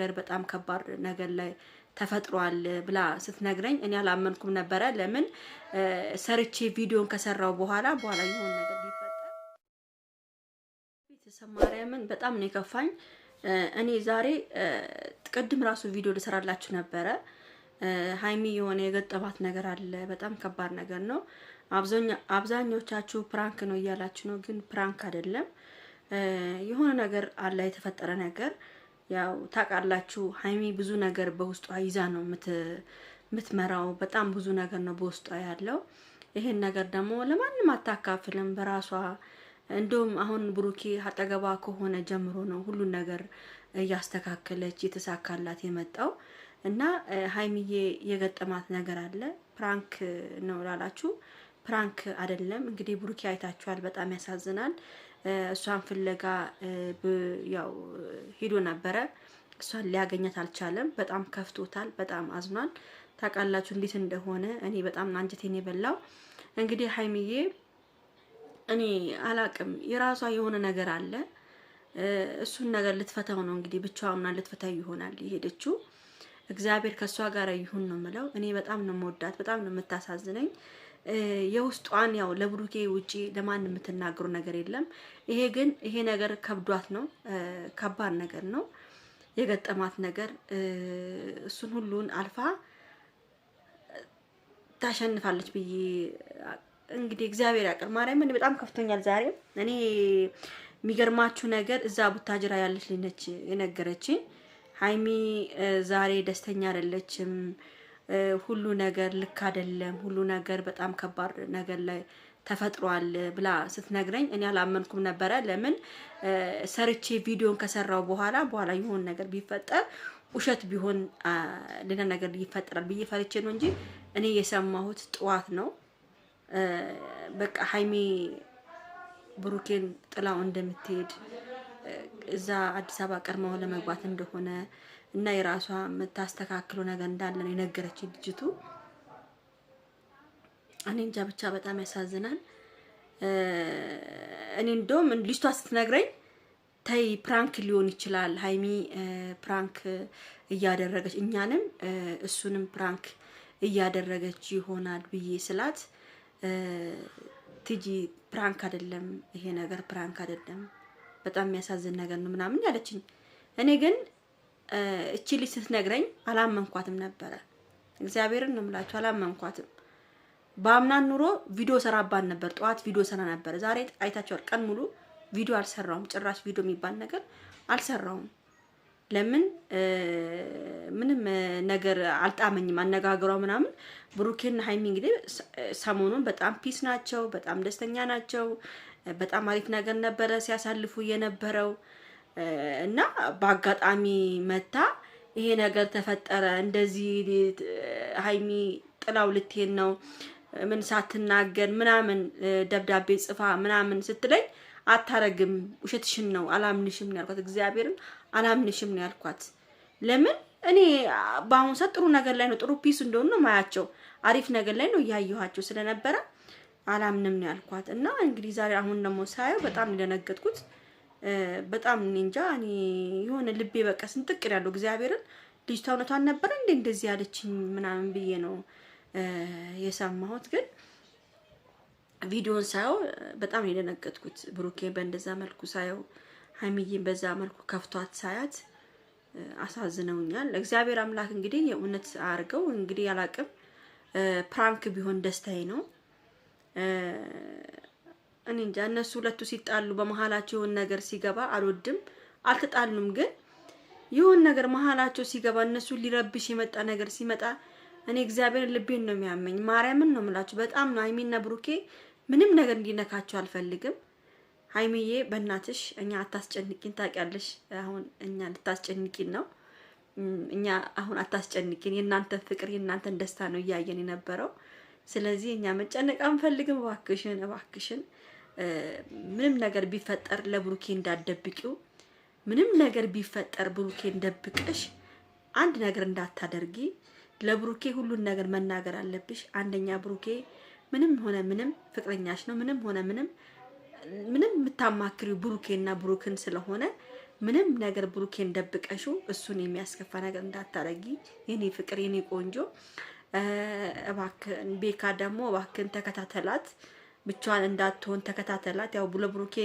ነገር በጣም ከባድ ነገር ላይ ተፈጥሯል ብላ ስትነግረኝ እኔ አላመንኩም ነበረ። ለምን ሰርቼ ቪዲዮን ከሰራው በኋላ በኋላ የሆነ ነገር ቢፈጠር ቤተሰብ ማርያምን በጣም ነው የከፋኝ። እኔ ዛሬ ቅድም ራሱ ቪዲዮ ልሰራላችሁ ነበረ። ሀይሚ የሆነ የገጠባት ነገር አለ። በጣም ከባድ ነገር ነው። አብዛኞቻችሁ ፕራንክ ነው እያላችሁ ነው፣ ግን ፕራንክ አይደለም። የሆነ ነገር አለ የተፈጠረ ነገር ያው ታውቃላችሁ ሀይሚ ብዙ ነገር በውስጧ ይዛ ነው የምትመራው። በጣም ብዙ ነገር ነው በውስጧ ያለው። ይሄን ነገር ደግሞ ለማንም አታካፍልም በራሷ እንዲሁም አሁን ብሩኬ አጠገባ ከሆነ ጀምሮ ነው ሁሉን ነገር እያስተካከለች የተሳካላት የመጣው እና ሀይሚዬ የገጠማት ነገር አለ። ፕራንክ ነው ላላችሁ ፕራንክ አይደለም እንግዲህ ብሩኬ አይታችኋል። በጣም ያሳዝናል። እሷን ፍለጋ ያው ሄዶ ነበረ። እሷን ሊያገኛት አልቻለም። በጣም ከፍቶታል። በጣም አዝኗል። ታውቃላችሁ እንዴት እንደሆነ። እኔ በጣም አንጀቴን የበላው እንግዲህ ሀይሚዬ እኔ አላቅም። የራሷ የሆነ ነገር አለ። እሱን ነገር ልትፈታው ነው እንግዲህ ምና ልትፈታ ይሆናል የሄደችው። እግዚአብሔር ከእሷ ጋር ይሁን ነው ምለው። እኔ በጣም ነው መወዳት፣ በጣም ነው የምታሳዝነኝ። የውስጧን ያው ለብሩኬ ውጪ ለማን የምትናገሩ ነገር የለም። ይሄ ግን ይሄ ነገር ከብዷት ነው፣ ከባድ ነገር ነው የገጠማት ነገር። እሱን ሁሉን አልፋ ታሸንፋለች ብዬ እንግዲህ እግዚአብሔር ያቅር። ማርያም እኔ በጣም ከፍቶኛል ዛሬ። እኔ የሚገርማችሁ ነገር እዛ ቡታጅራ ያለች ልነች የነገረችኝ ሀይሚ ዛሬ ደስተኛ አይደለችም ሁሉ ነገር ልክ አይደለም፣ ሁሉ ነገር በጣም ከባድ ነገር ላይ ተፈጥሯል ብላ ስትነግረኝ እኔ አላመንኩም ነበረ። ለምን ሰርቼ ቪዲዮን ከሰራው በኋላ በኋላ የሆን ነገር ቢፈጠር ውሸት ቢሆን ሌላ ነገር ይፈጠራል ብዬ ፈርቼ ነው እንጂ እኔ የሰማሁት ጠዋት ነው። በቃ ሀይሜ ብሩኬን ጥላው እንደምትሄድ እዛ አዲስ አበባ ቀድመው ለመግባት እንደሆነ እና የራሷ የምታስተካክለው ነገር እንዳለ ነው የነገረች ልጅቱ። እኔ እንጃ ብቻ በጣም ያሳዝናል። እኔ እንደውም ልጅቷ ስትነግረኝ ተይ ፕራንክ ሊሆን ይችላል ሀይሚ ፕራንክ እያደረገች እኛንም እሱንም ፕራንክ እያደረገች ይሆናል ብዬ ስላት ትጂ ፕራንክ አይደለም ይሄ ነገር ፕራንክ አይደለም በጣም የሚያሳዝን ነገር ነው ምናምን ያለችኝ። እኔ ግን እቺ ልጅ ስትነግረኝ አላመንኳትም ነበረ። እግዚአብሔርን ነው የምላችሁ፣ አላመንኳትም። በአምናን ኑሮ ቪዲዮ ሰራባን ነበር። ጠዋት ቪዲዮ ሰራ ነበር። ዛሬ አይታችኋል። ቀን ሙሉ ቪዲዮ አልሰራውም። ጭራሽ ቪዲዮ የሚባል ነገር አልሰራውም። ለምን ምንም ነገር አልጣመኝም፣ አነጋገሯ ምናምን። ብሩኬና ሀይሚ እንግዲህ ሰሞኑን በጣም ፒስ ናቸው፣ በጣም ደስተኛ ናቸው። በጣም አሪፍ ነገር ነበረ ሲያሳልፉ የነበረው እና በአጋጣሚ መታ ይሄ ነገር ተፈጠረ፣ እንደዚህ ሀይሚ ጥላው ልትሄድ ነው ምን ሳትናገር ምናምን ደብዳቤ ጽፋ ምናምን ስትለኝ አታረግም፣ ውሸትሽን ነው አላምንሽም ነው ያልኳት። እግዚአብሔርን አላምንሽም ነው ያልኳት። ለምን እኔ በአሁኑ ሰዓት ጥሩ ነገር ላይ ነው ጥሩ ፒስ እንደሆኑ ነው ማያቸው፣ አሪፍ ነገር ላይ ነው እያየኋቸው ስለነበረ አላምንም ነው ያልኳት እና እንግዲህ ዛሬ አሁን ደግሞ ሳየው በጣም እንደነገጥኩት በጣም እንጃ እኔ የሆነ ልቤ በቃ ስንጥቅ ያለው እግዚአብሔርን ልጅቷ እውነቷን ነበረ እንዴ እንደዚህ ያለችኝ ምናምን ብዬ ነው የሰማሁት። ግን ቪዲዮን ሳየው በጣም የደነገጥኩት ብሩኬ በእንደዛ መልኩ ሳየው፣ ሀይሚዬን በዛ መልኩ ከፍቷት ሳያት አሳዝነውኛል። እግዚአብሔር አምላክ እንግዲህ የእውነት አድርገው እንግዲህ ያላቅም ፕራንክ ቢሆን ደስታዬ ነው። እኔ እንጃ እነሱ ሁለቱ ሲጣሉ በመሀላቸው የሆን ነገር ሲገባ አልወድም። አልተጣሉም፣ ግን የሆን ነገር መሀላቸው ሲገባ እነሱ ሊረብሽ የመጣ ነገር ሲመጣ እኔ እግዚአብሔር ልቤን ነው የሚያመኝ። ማርያምን ነው የምላችሁ። በጣም ነው ሀይሚና ብሩኬ ምንም ነገር እንዲነካቸው አልፈልግም። ሀይሚዬ በእናትሽ እኛ አታስጨንቂን። ታውቂያለሽ፣ አሁን እኛ ልታስጨንቂን ነው። እኛ አሁን አታስጨንቂን። የእናንተ ፍቅር የእናንተን ደስታ ነው እያየን የነበረው። ስለዚህ እኛ መጨነቅ አንፈልግም። እባክሽን እባክሽን ምንም ነገር ቢፈጠር ለብሩኬ እንዳደብቂው ምንም ነገር ቢፈጠር ብሩኬን ደብቀሽ አንድ ነገር እንዳታደርጊ። ለብሩኬ ሁሉን ነገር መናገር አለብሽ። አንደኛ ብሩኬ ምንም ሆነ ምንም ፍቅረኛሽ ነው። ምንም ሆነ ምንም ምንም የምታማክሪው ብሩኬና ብሩክን ስለሆነ ምንም ነገር ብሩኬን ደብቀሽው እሱን የሚያስከፋ ነገር እንዳታረጊ፣ የኔ ፍቅር የኔ ቆንጆ እባክህን ቤካ ደግሞ ባክን ተከታተላት፣ ብቻዋን እንዳትሆን ተከታተላት። ያው ለብሩኬ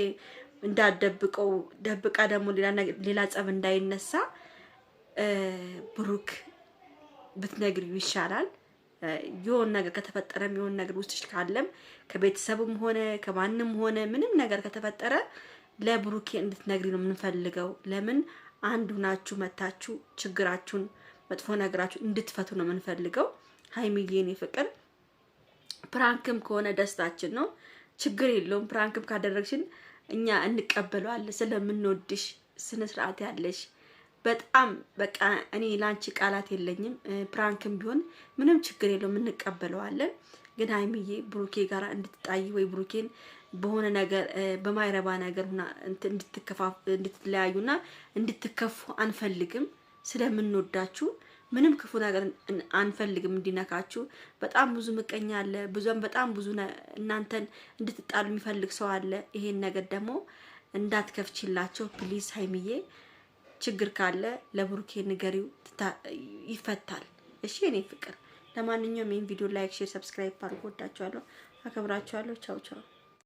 እንዳደብቀው ደብቃ ደግሞ ሌላ ጸብ እንዳይነሳ ብሩክ ብትነግሪው ይሻላል። የሆን ነገር ከተፈጠረም የሆን ነገር ውስጥሽ ካለም ከቤተሰብም ሆነ ከማንም ሆነ ምንም ነገር ከተፈጠረ ለብሩኬ እንድትነግሪ ነው የምንፈልገው። ለምን አንዱ ናችሁ መታችሁ ችግራችሁን መጥፎ ነገራችሁ እንድትፈቱ ነው የምንፈልገው። ሀይሚዬን ፍቅር ፕራንክም ከሆነ ደስታችን ነው። ችግር የለውም። ፕራንክም ካደረግሽን እኛ እንቀበለዋለን። ስለምንወድሽ ስነ ስርዓት ያለሽ በጣም በቃ እኔ ላንቺ ቃላት የለኝም። ፕራንክም ቢሆን ምንም ችግር የለውም እንቀበለዋለን። ግን ሀይሚዬ ብሩኬ ጋር እንድትጣይ ወይ ብሩኬን በሆነ ነገር በማይረባ ነገር ሁና እንድትለያዩና እንድትከፉ አንፈልግም ስለምንወዳችሁ ምንም ክፉ ነገር አንፈልግም እንዲነካችሁ። በጣም ብዙ ምቀኛ አለ፣ ብዙም በጣም ብዙ እናንተን እንድትጣሉ የሚፈልግ ሰው አለ። ይሄን ነገር ደግሞ እንዳትከፍችላቸው ፕሊዝ። ሀይሚዬ ችግር ካለ ለብሩኬ ንገሪው፣ ይፈታል። እሺ እኔ ፍቅር። ለማንኛውም ይህን ቪዲዮ ላይክ፣ ሼር፣ ሰብስክራይብ አድርጉ። ወዳችኋለሁ፣ አከብራችኋለሁ። ቻው ቻው